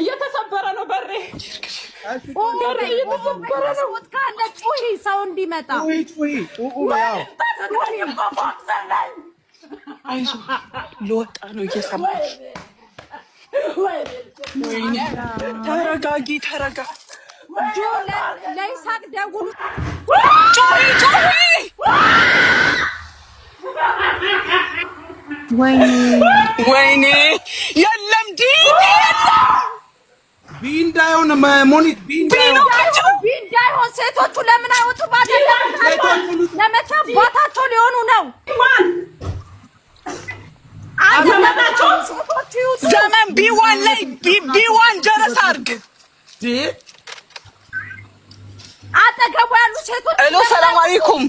እየተሰበረ ነው በሬ ሰው እንዲመጣ ለወጣ ተረጋጊ፣ ተረጋ ለይሳቅ ደውሉ። ወይኔ የለም ቢንዳይሆን ሞኒት ቢንዳይሆን ሴቶቹ ለምን አይወጡ? ለመቼ አባታቸው ሊሆኑ ነው? ዘመን ቢዋን ላይ ቢዋን ደረስ አድርግ አጠገቡ ያሉ ሴቶች ሰላም አለይኩም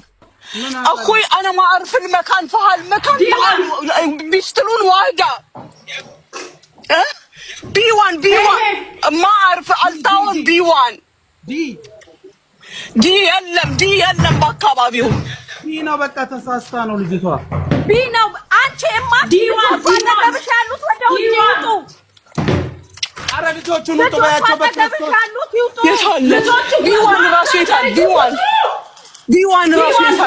እኮይ አነ ማዕርፍ መካን ፈሃል መካን ፈሃል ቢስትሉን ዋህዳ ቢዋን ቢዋን ማዕርፍ አልታውን ቢዋን ዲ የለም ዲ የለም በአካባቢው ዲ ነው። በቃ ተሳስታ ነው ልጅቷ ቢ ነው። አንቺ እማ ቢዋን ባለገብሽ ያሉት ወደ ውጭ ይውጡ። አረ ልጆቹን ውጡ በያቸው። በክርስቶስ ያሉት ይውጡ። የት አለ ቢዋን? ራሱ የት አለ ዲዋን ራሱ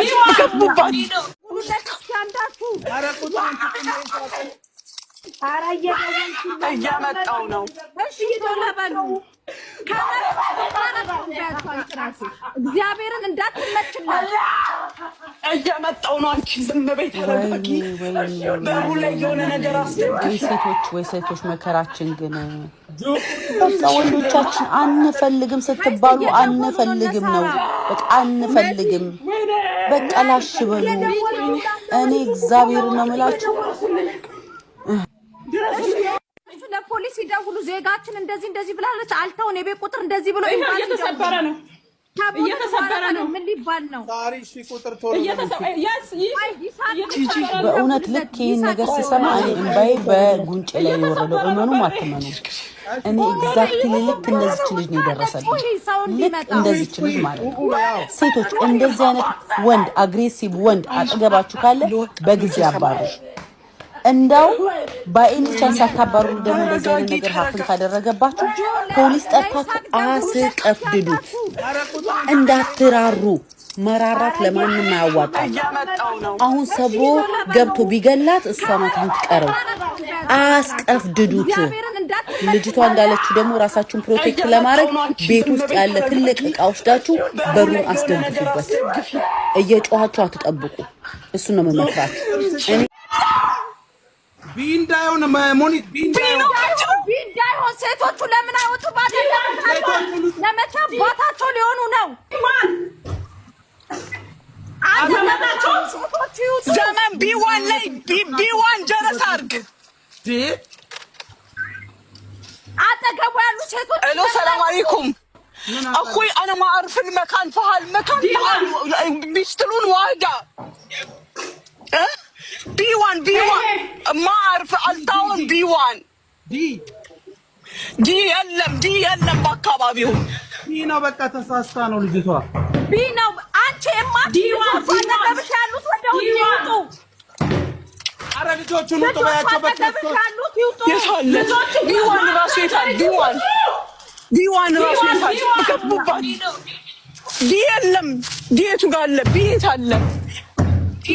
እያመጣው ነው። እግዚአብሔርን እንዳትመችላት እያመጣው ነው። አንቺ ዝም ቤት በሩ ላይ የሆነ ነገር ሴቶች ወይ ሴቶች መከራችን ግን ወንዶቻችን አንፈልግም ስትባሉ አንፈልግም ነው በቃ አንፈልግም። በቃ ላሽ በሉ። እኔ እግዚአብሔር ነው የምላችሁ ለፖሊስ ሲደውሉ ዜጋችን እንደዚህ እንደዚህ ብላለች አልተውን የቤት ቁጥር እንደዚህ ብሎ እየተሰበረ ነው በእውነት ልክ ይህን ነገር ስሰማ እኔ በጉንጭ ላይ የወረደው እመኑ አትመኑ። እኔ ኤግዛክትሊ ልክ እንደዚች ልጅ ነው የደረሰልኝ። ልክ እንደዚች ልጅ ማለት ነው። ሴቶች እንደዚህ አይነት ወንድ አግሬሲቭ ወንድ አጠገባችሁ ካለ በጊዜ አባሩ። እንደው በኤኒ ቻንስ አካባሩ ደግሞ እንደዚህ አይነት ነገር ሀፍን ካደረገባችሁ ፖሊስ ጠርታችሁ አስቀፍድዱት። እንዳትራሩ። መራራት ለማንም አያዋጣም። አሁን ሰብሮ ገብቶ ቢገላት እሷናት ብትቀረው፣ አስቀፍድዱት። ልጅቷ እንዳለችው ደግሞ ራሳችሁን ፕሮቴክት ለማድረግ ቤት ውስጥ ያለ ትልቅ እቃ ወስዳችሁ በሩን አስደንግፉበት። እየጮኋችሁ አትጠብቁ። እሱ ነው መመክራት። ቢንዳዮን ማሞኒት ቢንዳዮን ሴቶቹ ለምን አይወጡ? ለመቼ አባታቸው ሊሆኑ ነው? ዘመን ቢዋን ላይ ቢዋን ጀረስ አድርግ አጠገቡ ያሉ ሴቶች ሄሎ ሰላም አለይኩም اخوي انا ما اعرف المكان فهالمكان بيشتلون بيشترون واقع أه؟ ዲዋን ዲዋን ማርፍ አልታውን ዲዋን ዲ ዲ የለም ዲ የለም። በአካባቢው ዲ ነው። በቃ ተሳስታ ነው ልጅቷ። ዲ ነው። አንቺ እማ ዲዋን ባለገብሽ ያሉት ወደ ውጭ ይውጡ። አረ ልጆቹን ውጡ በያቸው። በተገብሽ ያሉት ራሱ ይታል። ዲዋን ዲዋን ራሱ ይታል። ከቡባ ዲ የለም። ዲ የቱ ጋር አለ? ቢ የት አለ?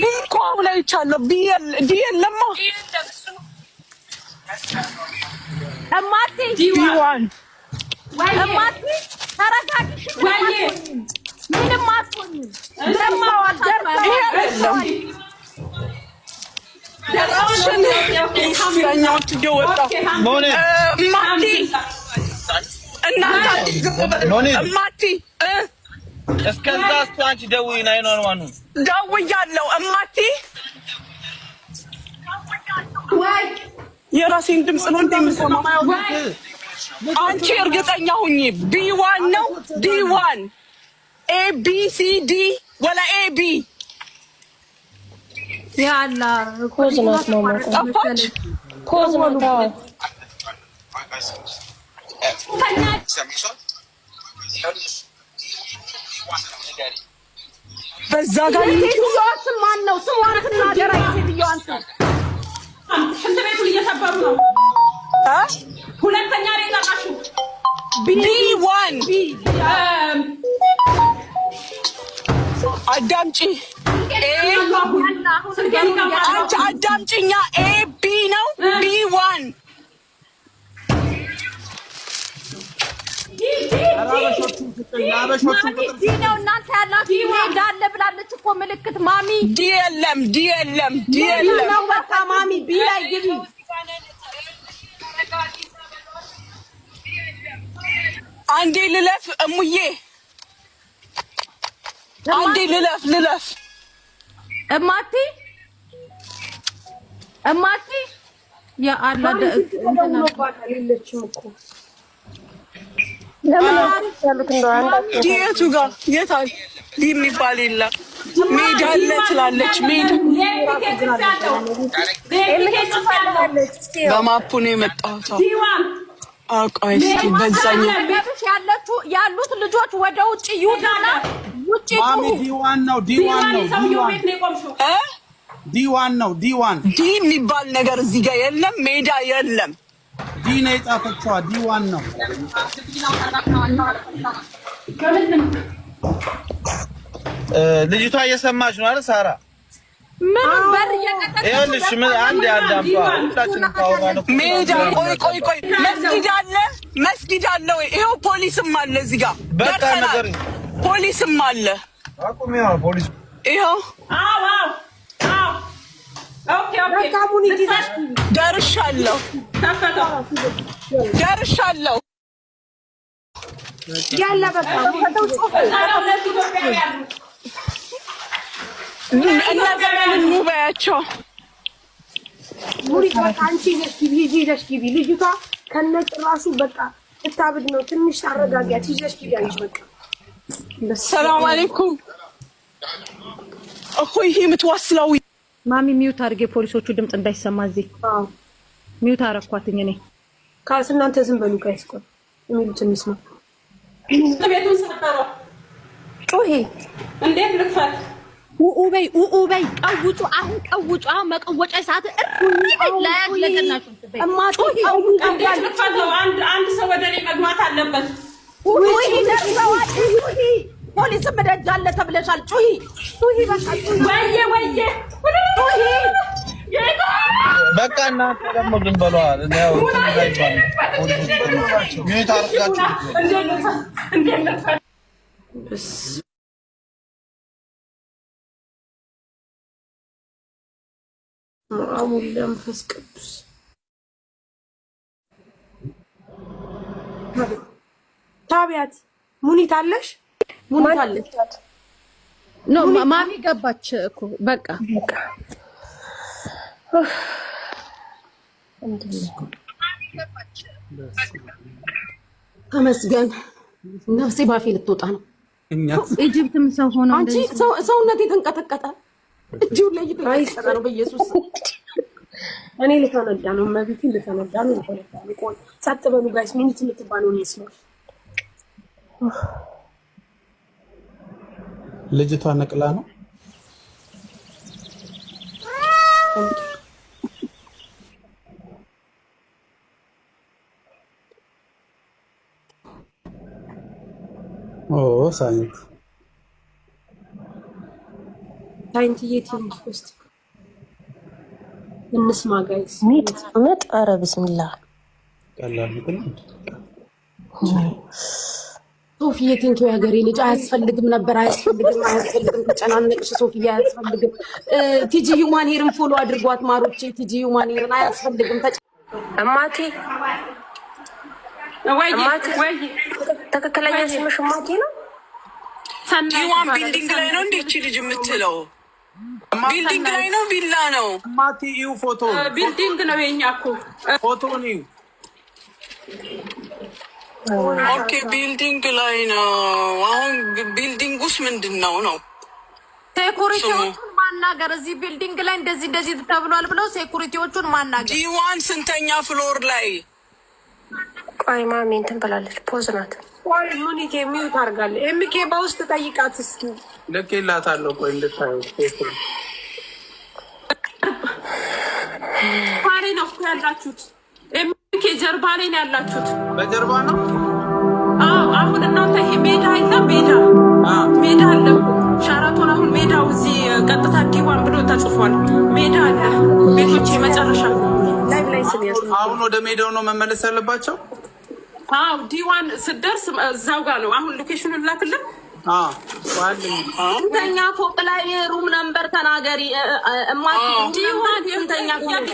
ሊንኩ አሁን አይቻለሁ። ዲ የለማ እማቴ ዲዋን እማቴ ተረጋጊሽ፣ ምንም አትሆኝም። ዳኛዎች እየወጣ እማቴ እናንተ እማቴ እስከዛ እስኪ አንቺ ደውዪ ናይን ዋን ዋኑን ደውያለሁ። እማቲ የራሴን ድምፅ ነው እንደምሰማው አንቺ እርግጠኛ ሁኚ። ቢዋን ነው ዋን ኤ ቢ ሲ ዲ ወላ ኤ ቢ ያላ ኮዝ ነው ጠፋች። ኮዝ ነው ታዋ በዛ ጋር ስም ማን ነው? ስሟን ትናገራ። የሴትዮዋን ስም ሽንት ቤቱን እየሰበሩ ነው። ሁለተኛ ላይ ጠራሽው ቢዋን አዳምጪ አንቺ አዳምጪኛ ኤ ቢ ነው ቢ ዋን ዲ ነው እናንተ ያላችሁ እንዳለ ብላለች እኮ ምልክት ማሚ ዲ የለም ዲ የለም ዲ የለም ነው በቃ ማሚ ቢ ላይ ግቢ አንዴ ልለፍ እሙዬ አንዴ ልለፍ ልለፍ እማቲ እማቲ ያ አላ ደ የቱ ጋር የት የሚባል ሜዳ አለ ትላለች። በማፑ ነው የመጣሁት። እስኪ በዛኛው ያሉት ልጆች ወደ ውጭ ይውጣና ውጭ ዲዋን ነው ዲዋን ነው ዲዋን ነው ዲዋን ዲ የሚባል ነገር እዚህ ጋር የለም። ሜዳ የለም። ዲና የጻፈችዋ ዲዋን ነው። ልጅቷ እየሰማች ነው አይደል ሳራ? ምን አንድ ያዳምጣ ቆይ ቆይ ቆይ፣ መስጊድ አለ መስጊድ አለ ይኸው ፖሊስም አለ እዚህ ጋር በቃ ነገር ፖሊስም አለ። አቁም፣ ፖሊስ ይኸው ደርሻለሁ ደርሻለሁ። ያለ በቃ እና ገመን እንበያቸው አንቺ ይዘሽ ይዘሽ ግቢ። ልጅቷ ከነጭ ራሱ በቃ እታብድ ነው። ትንሽ አረጋጊያት፣ ይዘሽ ግቢ አለች። በቃ ሰላም አለይኩም እኮ ይሄ የምትዋስለው ማሚ ሚዩት አድርጌ ፖሊሶቹ ድምፅ እንዳይሰማ እዚህ ሚዩት አረኳትኝ። እኔ ካስ እናንተ ዝም በሉ ጋይስ፣ ቆይ የሚሉትን እንስማ። ቤቱን ሰበረ። ጩሂ እንዴት ልክፈት? ውኡ በይ፣ ውኡ በይ፣ ቀውጩ፣ አሁን ቀውጩ። አሁን መቀወጫ ሰዓት ላያት ለቀናሹ አንድ ሰው ወደ እኔ መግባት አለበት። ፖሊስም ደጅ አለ ተብለሻል። ጩሂ ጩሂ፣ በቃ ወየ ወየ፣ ጩሂ በቃ እናንተ ደግሞ ዝም በሏል። መንፈስ ቅዱስ ታቢያት ሙኒት አለሽ ማሚ ገባች እኮ በቃ ተመስገን። ነፍሴ ባፌ ልትወጣ ነው። ኢጅፕትም ሰው ሆነ አንቺ ሰውነቴ ተንቀጠቀጠ። እጅው ላይ ይተቀጠቀጠ ነው። በኢየሱስ እኔ ልፈነዳ ነው። መቤቴ ልፈነዳ ነው። ቆይ ጸጥ በሉ ጋይስ። ሚኒት የምትባለው እንስማ ልጅቷ ነቅላ ነው። ኦ ሳይንት ሳይንት የትንሽ ውስጥ እንስማ ጋይስ ሚጥ ምጥ አረ ቢስሚላህ ቀላል ነው። ሶፊዬ ቴንኪ ሀገሬ ልጅ አያስፈልግም ነበር። አያስፈልግም፣ አያስፈልግም። ተጨናነቅሽ ሶፊዬ፣ አያስፈልግም። ቲጂ ዩማንሄርን ፎሎ አድርጓት ማሮቼ። ቲጂ ዩማንሄርን አያስፈልግም። እማቴ ትክክለኛ ስምሽ እማቴ ነው። ዲዋን ቢልዲንግ ላይ ነው እንዴ? ይቺ ልጅ የምትለው ቢልዲንግ ላይ ነው፣ ቪላ ነው። እማቴ ይኸው ፎቶ ቢልዲንግ ነው የኛ እኮ ፎቶ ነው ኦኬ፣ ቢልዲንግ ላይ ነው። አሁን ቢልዲንግ ውስጥ ምንድን ነው ነው ሴኩሪቲዎቹን ማናገር እዚህ ቢልዲንግ ላይ እንደዚህ እንደዚህ ተብሏል ብለው ሴኩሪቲዎቹን ማናገር። ዲዋን ስንተኛ ፍሎር ላይ? ቆይ ማሚ እንትን ብላለች፣ ፖዝ ናት። ቆይ ሙኒቴ ሚዩት አድርጋለች። ኤምኬ በውስጥ ጠይቃት እስኪ። ልኬላታለሁ፣ ቆይ እንድታዩ ፓሪ ነው ያላችሁት ጀርባ ላይ ነው ያላችሁት። በጀርባ ነው። አዎ አሁን እናንተ ይሄ ሜዳ ይዛ ሜዳ ሜዳ አለ። ሻራቶን አሁን ሜዳው እዚህ ቀጥታ ዲዋን ብሎ ተጽፏል። ሜዳ አለ። ቤቶች የመጨረሻ አሁን ወደ ሜዳው ነው መመለስ ያለባቸው። አዎ ዲዋን ስደርስ እዛው ጋር ነው አሁን ሎኬሽኑን ላክልን ስንተኛ ፎቅ ላይ ሩም ነምበር ተናገሪ።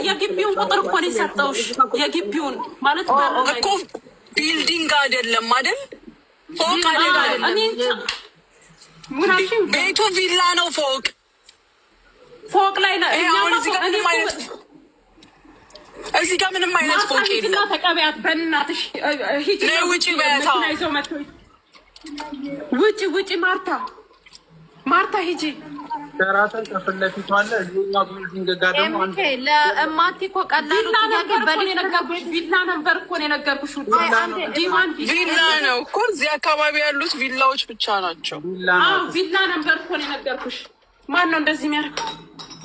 የግቢውን ቁጥር እኮ ነው የሰጠውሽ። የግቢውን ማለት እኮ ቢልዲንግ አይደለም አይደል? ፎቅ አይደለም። ቤቱ ቪላ ነው። ፎቅ ፎቅ ላይ እዚህ ጋር ምንም አይነት ፎቅ የለም። ተቀበያት በእናትሽ ሂጂ፣ ውጪ በያታ ውጪ ውጪ፣ ማርታ ማርታ ሂጂ። ሸራተን ከፊት ለፊቱ አለ። ለእማቴ እኮ ቀላሉ ቪላ ነበር እኮ የነገርኩሽ። ቪላ ነው እኮ እዚህ አካባቢ ያሉት ቪላዎች ብቻ ናቸው። ቪላ ነበር እኮ የነገርኩሽ። ማን ነው እንደዚህ የሚያደርግ?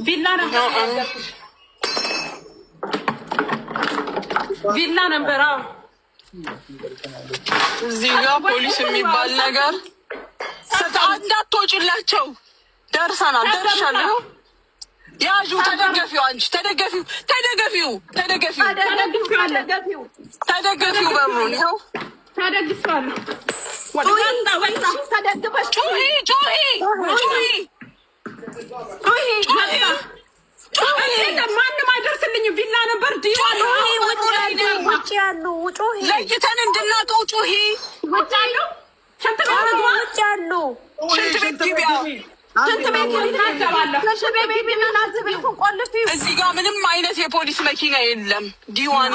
ቪላ ነበር የነገርኩሽ። ቪላ ነበር እዚህ ጋር ፖሊስ የሚባል ነገር እንዳትወጪላቸው። ደርሰናል፣ ደርሻለሁ። ያዡ። ተደገፊው፣ አንቺ ተደገፊው፣ ተደገፊው፣ ተደገፊው፣ ተደገፊው፣ ተደገፊው። በሩን ይኸው ተደግፊዋለሁ። ጩሂ፣ ጩሂ፣ ጩሂ፣ ጩሂ ማንም አይደርስልኝም። ቪላ ነበር ውጭ ያሉ ለይተን እንድናውቀው ጩሂ ውጭ ያሉ እዚህ ጋ ምንም አይነት የፖሊስ መኪና የለም። ዲዋን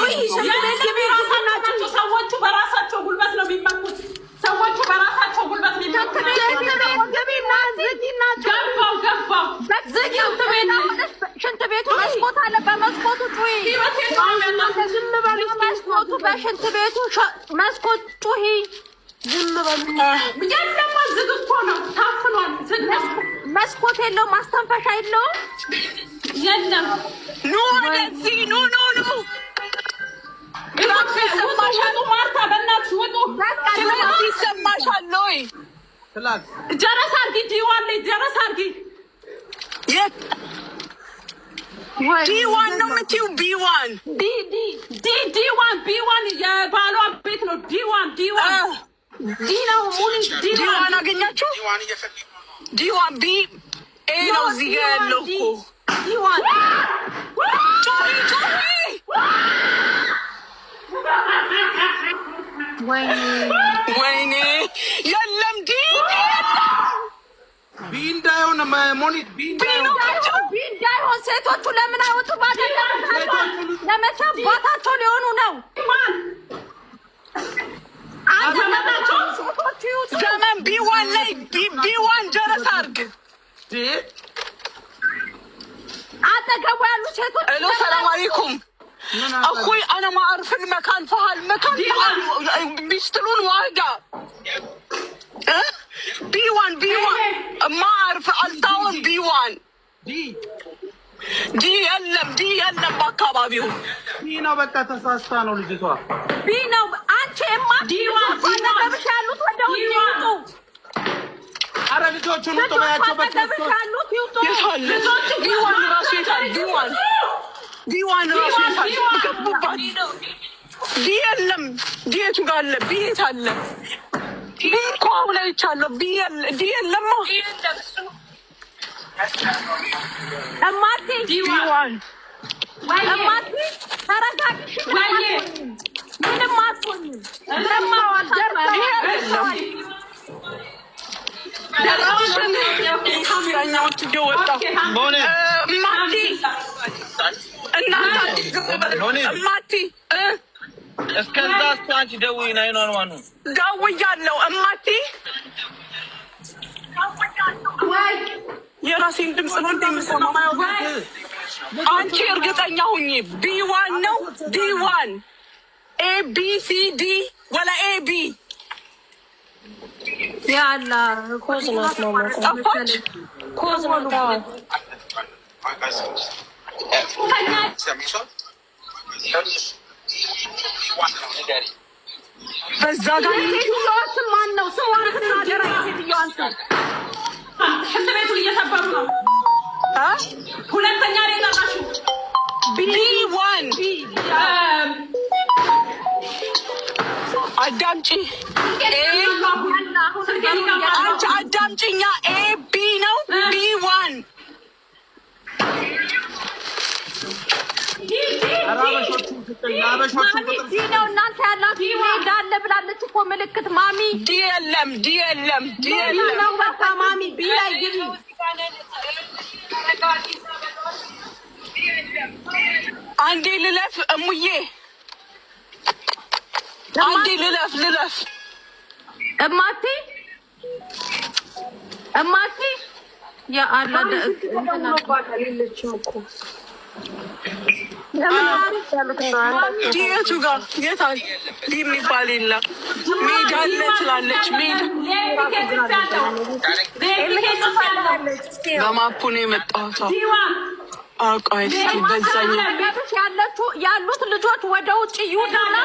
ሰዎቹ በራሳቸው ጉልበት ነው የሚመጡት። ሰዎቹ በራሳቸው ጉልበት ነው የሚመጡት። ገባው ገባው ሽንት ቤቱ መስኮት አለ። በመስኮቱ ጩሂ። መስኮቱ በሽንት ቤቱ መስኮት ጩሂ። ዝም በሉ። የለም ዝግ እኮ ነው፣ ታፍኗል። መስኮት የለው፣ ማስተንፈሻ የለውም። የለም ኑ ወደዚህ ኑ ኑ ኑ ማርታ በእናትሽ ውጡ። ይሰማሻል ወይ? ጀረስ አድርጊ፣ ዲዋን ጀረስ አድርጊ ዲዋን ነው የምትይው? ቢዋን ዲዋን ቢዋን የባሏ ቤት ነው። ዲዋን ዲዋን ዲ ነው ሙሉ ዲዋን አገኛችሁ። ዲዋን ቢ ኤ ነው እዚህ ጋ ያለው እኮ ዲዋን ጮሪ ጮሪ ወይኔ የለም ዲ እንዳይሆን ሴቶቹ ለምን አወጡ? ለመተው ባታቸው ሊሆኑ ነው። ዘመን ቢዋን ላይ ቢዋን ጀረስ አድርግ አጠገቡ ያሉ ሴቶች ሄሎ፣ ሰላም አለይኩም እኩይ አነ ማዕርፍን መካን ፈሃል መካን ቢስትሉን ዋጋ ቢዋን ቢዋን ማርፍ አልታውን ቢዋን ዲ የለም ዲ የለም። በአካባቢው ዲ ነው። በቃ ተሳስታ ነው ልጅቷ። ቢ ነው። አንቺ ማ ዲዋንበብሽ ያሉት ወደ ውጭ ይውጡ። አረ ልጆቹን ውጡ በያቸው። በብሽ ያሉት ዲዋን ራሱ የታል? ዲዋን ዲዋን ራሱ የታል? ገቡባት። ዲ የለም። ዲ የቱ ጋር አለ? ቢ አለ? ዲ እኮ አሁን አይቻለሁ። ዲ የለማ እማቴ እማቴ ተረጋግሽ፣ ምንም አትሆኝም። ካሜራኛዎች እየወጣ እማቴ እናንተ አንቺ ደውዪ ናይን ዋን ዋን ደውያለሁ። እማቴ የራሴን ድምፅ ነው እንደምሰማው። አንቺ እርግጠኛ ሁኚ። ቢዋን ነው ቢዋን ኤቢሲዲ ወላ ኤቢ ያላ ኮዝ ነው ኮዝ ነው ነው በዛ ጋር ማን ነው ሰው አረፍና ደራ ሰው ሽንት ቤቱን እየሰበሩ ነው። ሁለተኛ ላይ ጠራሹ ቢ ዋን አዳምጪ፣ አዳምጪኛ ኤ ቢ ነው ነው እናንተ ያላችሁ ዳለ ብላለች እኮ ምልክት ማሚ ዲ የለም ዲ የለም ዲ ነው በቃ ማሚ ቢ ላይ ግቢ አንዴ ልለፍ እሙዬ አንዴ ልለፍ ልለፍ እማቲ እማቲ ያ አለ የቱ ጋር የሚባል የለም። ሜዳ አለ ትላለች። በማፑ ነው የመጣሁት። ያሉት ልጆች ወደ ውጭ ይውጣና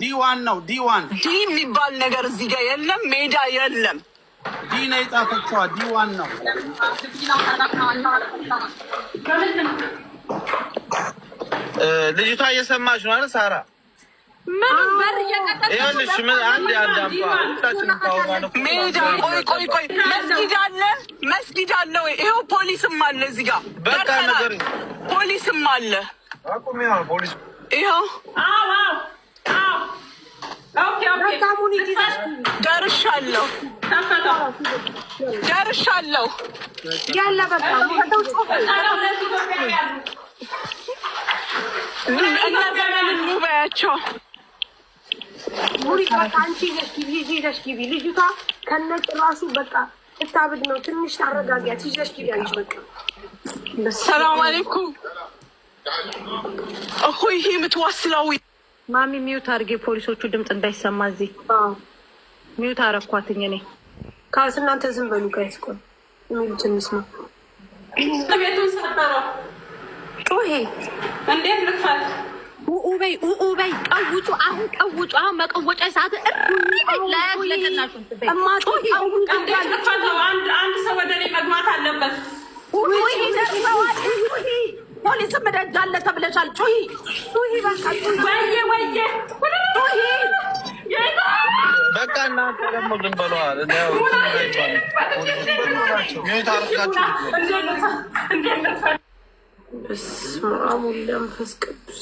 ዲዋን ነው ዲዋን ዲ የሚባል ነገር እዚህ ጋር የለም። ሜዳ የለም። ዲና የጻፈችዋ ዲዋን ነው። ልጅቷ እየሰማች ነው አይደል? ሳራ መስጊድ አለ ወይ? ይኸው ፖሊስም አለ እዚህ ጋር ፖሊስም አለ። ይኸው ደርሻለሁ ደርሻለሁ ያለ በቃ እንበያቸው ሙሪቃ ከአንቺ ይዘሽ ግቢ ይዘሽ ግቢ። ልጅቷ ከነጭራሹ በቃ እታብድ ነው። ትንሽ ታረጋጊያት ይዘሽ ግቢ አለች። በቃ ሰላም አለይኩም እኮ ይሄ የምትዋስላዊ ማሚ ሚዩት አድርጌ ፖሊሶቹ ድምፅ እንዳይሰማ እዚህ ሚዩት አረኳትኝ እኔ ካልስ እናንተ ዝም በሉ ጋይስ። ቆይ የሚሉት እንስማ። ቤቱን ሰበረው። ጮሄ እንዴት ቀውጩ አሁን ቀውጩ አሁን መቀወጫ ሰዓት አንድ ሰው ወደ እኔ መግባት አለበት። ፖሊስም እደጃለሁ ተብለሻል። ጩሂ ጩሂ፣ በቃ ጩሂ፣ ወየ ወየ እናንተ ደግሞ ዝም ብለዋል። በስመ አብ ወወልድ ወመንፈስ ቅዱስ።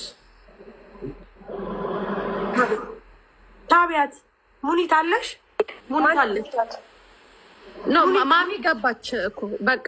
ታቢያት ሙኒት አለሽ? ሙኒት አለሽ? ማሚ ገባች እኮ በቃ